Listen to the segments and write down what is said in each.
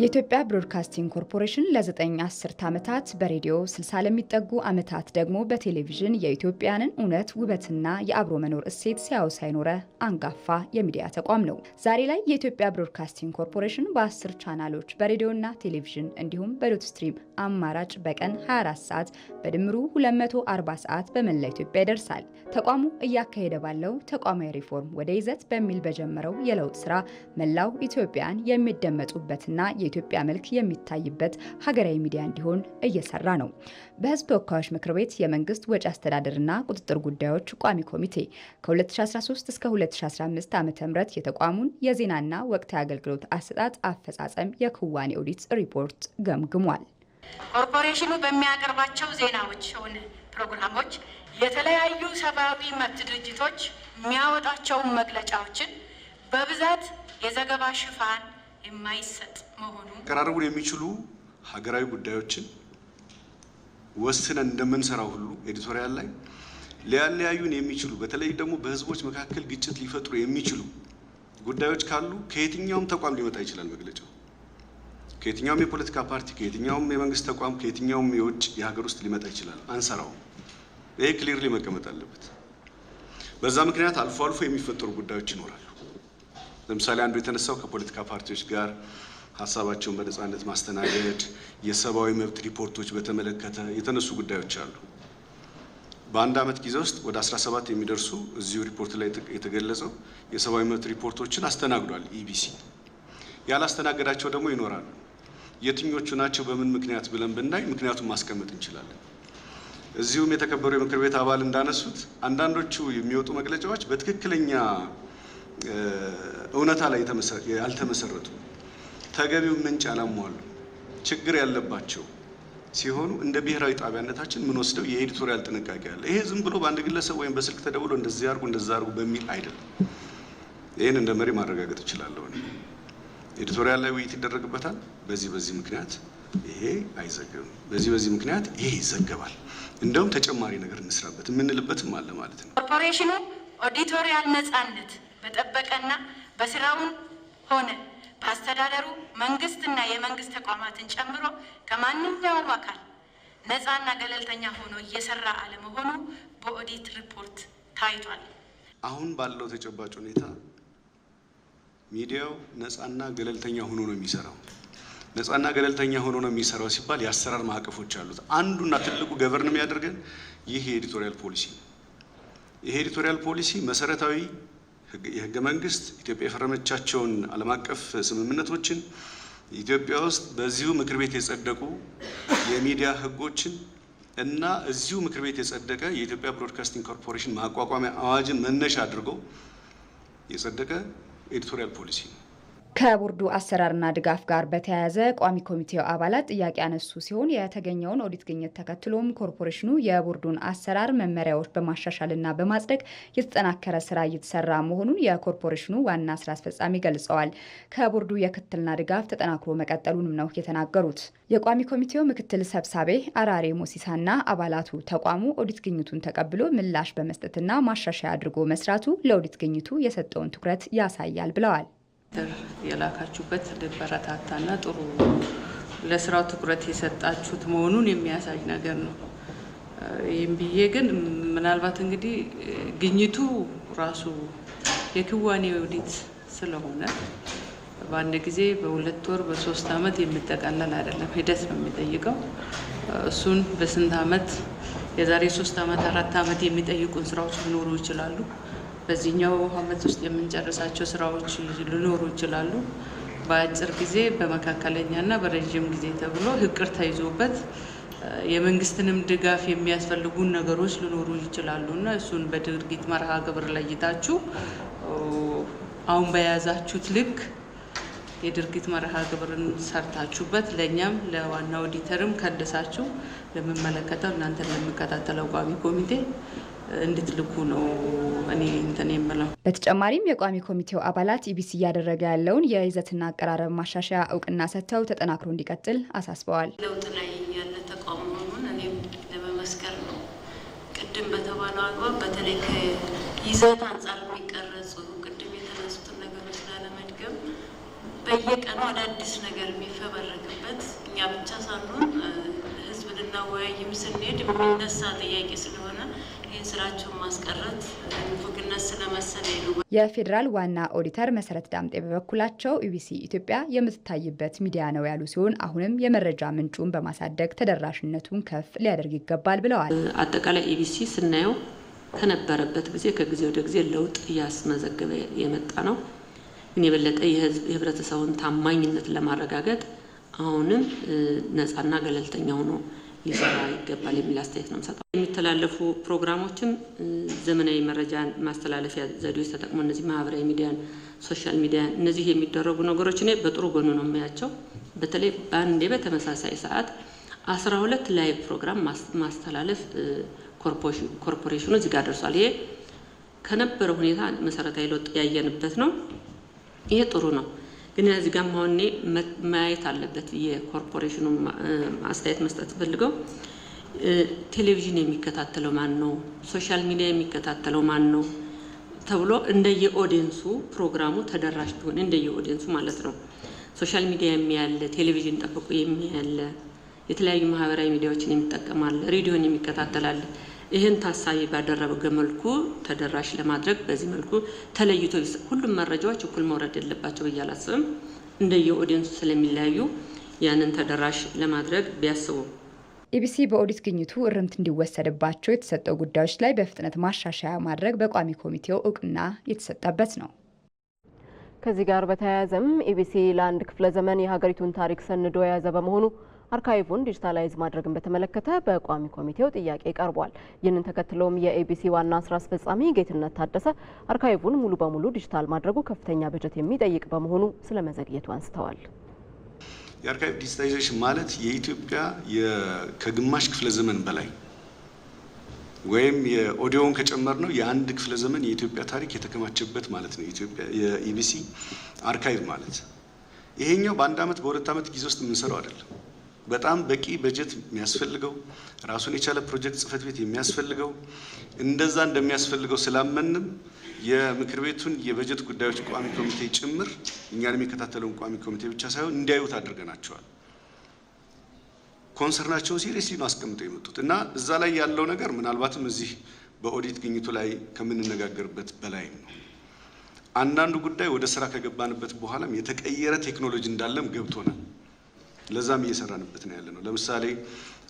የኢትዮጵያ ብሮድካስቲንግ ኮርፖሬሽን ለዘጠኝ አስርት ዓመታት በሬዲዮ 60 ለሚጠጉ ዓመታት ደግሞ በቴሌቪዥን የኢትዮጵያንን እውነት ውበትና የአብሮ መኖር እሴት ሲያወሳ የኖረ አንጋፋ የሚዲያ ተቋም ነው። ዛሬ ላይ የኢትዮጵያ ብሮድካስቲንግ ኮርፖሬሽን በአስር ቻናሎች በሬዲዮና ቴሌቪዥን እንዲሁም በዶት ስትሪም አማራጭ በቀን 24 ሰዓት በድምሩ 240 ሰዓት በመላ ኢትዮጵያ ይደርሳል። ተቋሙ እያካሄደ ባለው ተቋማዊ ሪፎርም ወደ ይዘት በሚል በጀመረው የለውጥ ስራ መላው ኢትዮጵያን የሚደመጡበትና የኢትዮጵያ መልክ የሚታይበት ሀገራዊ ሚዲያ እንዲሆን እየሰራ ነው። በህዝብ ተወካዮች ምክር ቤት የመንግስት ወጪ አስተዳደርና ቁጥጥር ጉዳዮች ቋሚ ኮሚቴ ከ2013 እስከ 2015 ዓ ም የተቋሙን የዜናና ወቅታዊ አገልግሎት አሰጣጥ አፈጻጸም የክዋኔ ኦዲት ሪፖርት ገምግሟል። ኮርፖሬሽኑ በሚያቀርባቸው ዜናዎች ሆነ ፕሮግራሞች የተለያዩ ሰብአዊ መብት ድርጅቶች የሚያወጣቸውን መግለጫዎችን በብዛት የዘገባ ሽፋን የማይሰጥ መሆኑ ቀራርቡን የሚችሉ ሀገራዊ ጉዳዮችን ወስነን እንደምንሰራው ሁሉ ኤዲቶሪያል ላይ ሊያለያዩን የሚችሉ በተለይ ደግሞ በህዝቦች መካከል ግጭት ሊፈጥሩ የሚችሉ ጉዳዮች ካሉ ከየትኛውም ተቋም ሊመጣ ይችላል መግለጫው። ከየትኛውም የፖለቲካ ፓርቲ፣ ከየትኛውም የመንግስት ተቋም፣ ከየትኛውም የውጭ የሀገር ውስጥ ሊመጣ ይችላል። አንሰራውም። ይሄ ክሊርሊ መቀመጥ አለበት። በዛ ምክንያት አልፎ አልፎ የሚፈጠሩ ጉዳዮች ይኖራሉ። ለምሳሌ አንዱ የተነሳው ከፖለቲካ ፓርቲዎች ጋር ሀሳባቸውን በነጻነት ማስተናገድ፣ የሰብአዊ መብት ሪፖርቶች በተመለከተ የተነሱ ጉዳዮች አሉ። በአንድ ዓመት ጊዜ ውስጥ ወደ 17 የሚደርሱ እዚሁ ሪፖርት ላይ የተገለጸው የሰብአዊ መብት ሪፖርቶችን አስተናግዷል ኢቢሲ። ያላስተናገዳቸው ደግሞ ይኖራሉ። የትኞቹ ናቸው በምን ምክንያት ብለን ብናይ ምክንያቱን ማስቀመጥ እንችላለን። እዚሁም የተከበሩ የምክር ቤት አባል እንዳነሱት አንዳንዶቹ የሚወጡ መግለጫዎች በትክክለኛ እውነታ ላይ ያልተመሰረቱ ተገቢው ምንጭ ያላሟሉ ችግር ያለባቸው ሲሆኑ እንደ ብሔራዊ ጣቢያነታችን ምን ወስደው የኤዲቶሪያል ጥንቃቄ አለ። ይሄ ዝም ብሎ በአንድ ግለሰብ ወይም በስልክ ተደውሎ እንደዚህ አርጉ እንደዛ አርጉ በሚል አይደለም። ይህን እንደ መሪ ማረጋገጥ እችላለሁ። ኤዲቶሪያል ላይ ውይይት ይደረግበታል። በዚህ በዚህ ምክንያት ይሄ አይዘገብም፣ በዚህ በዚህ ምክንያት ይሄ ይዘገባል፣ እንደውም ተጨማሪ ነገር እንስራበት የምንልበትም አለ ማለት ነው። ኮርፖሬሽኑ ኦዲቶሪያል ነጻነት በጠበቀና በስራውን ሆነ በአስተዳደሩ መንግስትና የመንግስት ተቋማትን ጨምሮ ከማንኛውም አካል ነፃና ገለልተኛ ሆኖ እየሰራ አለመሆኑ በኦዲት ሪፖርት ታይቷል። አሁን ባለው ተጨባጭ ሁኔታ ሚዲያው ነፃና ገለልተኛ ሆኖ ነው የሚሰራው። ነፃና ገለልተኛ ሆኖ ነው የሚሰራው ሲባል የአሰራር ማዕቀፎች አሉት። አንዱና ትልቁ ገቨርን የሚያደርገን ይህ የኤዲቶሪያል ፖሊሲ ነው። ይሄ ኤዲቶሪያል ፖሊሲ መሰረታዊ የህገ መንግስት ኢትዮጵያ የፈረመቻቸውን ዓለም አቀፍ ስምምነቶችን ኢትዮጵያ ውስጥ በዚሁ ምክር ቤት የጸደቁ የሚዲያ ህጎችን እና እዚሁ ምክር ቤት የጸደቀ የኢትዮጵያ ብሮድካስቲንግ ኮርፖሬሽን ማቋቋሚያ አዋጅን መነሻ አድርጎ የጸደቀ ኤዲቶሪያል ፖሊሲ ነው። ከቦርዱ አሰራርና ድጋፍ ጋር በተያያዘ ቋሚ ኮሚቴው አባላት ጥያቄ ያነሱ ሲሆን የተገኘውን ኦዲት ግኝት ተከትሎም ኮርፖሬሽኑ የቦርዱን አሰራር መመሪያዎች በማሻሻልና በማጽደቅ የተጠናከረ ስራ እየተሰራ መሆኑን የኮርፖሬሽኑ ዋና ስራ አስፈጻሚ ገልጸዋል። ከቦርዱ የክትልና ድጋፍ ተጠናክሮ መቀጠሉንም ነው የተናገሩት። የቋሚ ኮሚቴው ምክትል ሰብሳቤ አራሬ ሞሲሳና አባላቱ ተቋሙ ኦዲት ግኝቱን ተቀብሎ ምላሽ በመስጠትና ማሻሻያ አድርጎ መስራቱ ለኦዲት ግኝቱ የሰጠውን ትኩረት ያሳያል ብለዋል። ጥር የላካችሁበት ልበረታታና ጥሩ ለስራው ትኩረት የሰጣችሁት መሆኑን የሚያሳይ ነገር ነው። ይህም ብዬ ግን ምናልባት እንግዲህ ግኝቱ ራሱ የክዋኔ ውዲት ስለሆነ በአንድ ጊዜ በሁለት ወር በሶስት አመት የሚጠቃለል አይደለም፣ ሂደት ነው የሚጠይቀው። እሱን በስንት አመት የዛሬ ሶስት አመት አራት አመት የሚጠይቁን ስራዎች ሊኖሩ ይችላሉ። በዚህኛው ዓመት ውስጥ የምንጨርሳቸው ስራዎች ሊኖሩ ይችላሉ። በአጭር ጊዜ፣ በመካከለኛ እና በረዥም ጊዜ ተብሎ ህቅር ተይዞበት የመንግስትንም ድጋፍ የሚያስፈልጉን ነገሮች ሊኖሩ ይችላሉ እና እሱን በድርጊት መርሃ ግብር ለይታችሁ አሁን በያዛችሁት ልክ የድርጊት መርሃ ግብርን ሰርታችሁበት ለእኛም ለዋና ኦዲተርም ከደሳችሁ ለምመለከተው እናንተን ለምከታተለው ቋሚ ኮሚቴ እንድትልኩ ነው እኔ እንትን የምለው። በተጨማሪም የቋሚ ኮሚቴው አባላት ኢቢሲ እያደረገ ያለውን የይዘትና አቀራረብ ማሻሻያ እውቅና ሰጥተው ተጠናክሮ እንዲቀጥል አሳስበዋል። ለውጥ ላይ ያለ ተቋም መሆኑን እኔም ለመመስከር ነው። ቅድም በተባለው አግባብ በተለይ ከይዘት አንጻር በየቀኑ አዳዲስ ነገር የሚፈበረክበት እኛ ብቻ ሳንሆን ህዝብ ልናወያይም ስንሄድ የሚነሳ ጥያቄ ስለሆነ ይህን ስራቸውን ማስቀረት ንፉግነት ስለመሰለኝ ነው። የፌዴራል ዋና ኦዲተር መሰረት ዳምጤ በበኩላቸው ኢቢሲ ኢትዮጵያ የምትታይበት ሚዲያ ነው ያሉ ሲሆን አሁንም የመረጃ ምንጩን በማሳደግ ተደራሽነቱን ከፍ ሊያደርግ ይገባል ብለዋል። አጠቃላይ ኢቢሲ ስናየው ከነበረበት ጊዜ ከጊዜ ወደ ጊዜ ለውጥ እያስመዘገበ የመጣ ነው። ግን የበለጠ የህዝብ የህብረተሰቡን ታማኝነት ለማረጋገጥ አሁንም ነፃና ገለልተኛ ሆኖ ሊሰራ ይገባል የሚል አስተያየት ነው የምሰጠው። የሚተላለፉ ፕሮግራሞችም ዘመናዊ መረጃ ማስተላለፊያ ዘዴዎች ተጠቅሞ እነዚህ ማህበራዊ ሚዲያን፣ ሶሻል ሚዲያ እነዚህ የሚደረጉ ነገሮች እኔ በጥሩ ጎኑ ነው የሚያቸው። በተለይ በአንዴ በተመሳሳይ ሰዓት አስራ ሁለት ላይቭ ፕሮግራም ማስተላለፍ ኮርፖሬሽኑ እዚህ ጋር ደርሷል። ይሄ ከነበረ ሁኔታ መሰረታዊ ለውጥ ያየንበት ነው። ይሄ ጥሩ ነው። ግን እዚህ ጋር መሆኔ ማየት አለበት። የኮርፖሬሽኑ አስተያየት መስጠት ፈልገው ቴሌቪዥን የሚከታተለው ማን ነው፣ ሶሻል ሚዲያ የሚከታተለው ማን ነው ተብሎ እንደ ኦዲየንሱ ፕሮግራሙ ተደራሽ ቢሆን እንደ ኦዲየንሱ ማለት ነው። ሶሻል ሚዲያ የሚያለ ቴሌቪዥን ጠብቆ የሚያለ የተለያዩ ማህበራዊ ሚዲያዎችን የሚጠቀማለ ሬዲዮን የሚከታተላለ ይህን ታሳቢ ባደረገ መልኩ ተደራሽ ለማድረግ በዚህ መልኩ ተለይቶ ሁሉም መረጃዎች እኩል መውረድ የለባቸው ብዬ አላስብም። እንደየ ኦዲየንሱ ስለሚለያዩ ያንን ተደራሽ ለማድረግ ቢያስቡ ኢቢሲ በኦዲት ግኝቱ እርምት እንዲወሰድባቸው የተሰጠው ጉዳዮች ላይ በፍጥነት ማሻሻያ ማድረግ በቋሚ ኮሚቴው እውቅና የተሰጠበት ነው። ከዚህ ጋር በተያያዘም ኢቢሲ ለአንድ ክፍለ ዘመን የሀገሪቱን ታሪክ ሰንዶ የያዘ በመሆኑ አርካይቡን ዲጂታላይዝ ማድረግን በተመለከተ በቋሚ ኮሚቴው ጥያቄ ቀርቧል። ይህንን ተከትሎም የኤቢሲ ዋና ስራ አስፈጻሚ ጌትነት ታደሰ አርካይቡን ሙሉ በሙሉ ዲጂታል ማድረጉ ከፍተኛ በጀት የሚጠይቅ በመሆኑ ስለመዘግየቱ አንስተዋል። የአርካይቭ ዲጂታይዜሽን ማለት የኢትዮጵያ ከግማሽ ክፍለ ዘመን በላይ ወይም የኦዲዮን ከጨመር ነው የአንድ ክፍለ ዘመን የኢትዮጵያ ታሪክ የተከማቸበት ማለት ነው። ኢትዮጵያ የኢቢሲ አርካይቭ ማለት ይሄኛው በአንድ አመት በሁለት አመት ጊዜ ውስጥ የምንሰራው አይደለም። በጣም በቂ በጀት የሚያስፈልገው ራሱን የቻለ ፕሮጀክት ጽህፈት ቤት የሚያስፈልገው እንደዛ እንደሚያስፈልገው ስላመንም የምክር ቤቱን የበጀት ጉዳዮች ቋሚ ኮሚቴ ጭምር እኛን የሚከታተለውን ቋሚ ኮሚቴ ብቻ ሳይሆን እንዲያዩት አድርገናቸዋል። ኮንሰርናቸውን ሲሪየስሊ ነው አስቀምጠው የመጡት እና እዛ ላይ ያለው ነገር ምናልባትም እዚህ በኦዲት ግኝቱ ላይ ከምንነጋገርበት በላይም ነው። አንዳንዱ ጉዳይ ወደ ስራ ከገባንበት በኋላም የተቀየረ ቴክኖሎጂ እንዳለም ገብቶናል። ለዛም እየሰራንበት ነው ያለ ነው። ለምሳሌ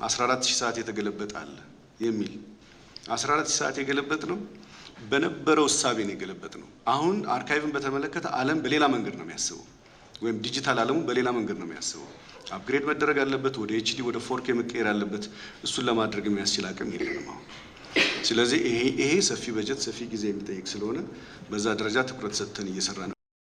14 ሺህ ሰዓት የተገለበጠ አለ የሚል 14 ሺህ ሰዓት የገለበጥ ነው በነበረው እሳቤ ነው የገለበጥ ነው። አሁን አርካይቭን በተመለከተ ዓለም በሌላ መንገድ ነው የሚያስበው፣ ወይም ዲጂታል ዓለሙ በሌላ መንገድ ነው የሚያስበው። አፕግሬድ መደረግ አለበት፣ ወደ ኤችዲ ወደ ፎርኬ መቀየር አለበት። እሱን ለማድረግ የሚያስችል አቅም የለንም አሁን። ስለዚህ ይሄ ሰፊ በጀት ሰፊ ጊዜ የሚጠይቅ ስለሆነ በዛ ደረጃ ትኩረት ሰጥተን እየሰራ ነው።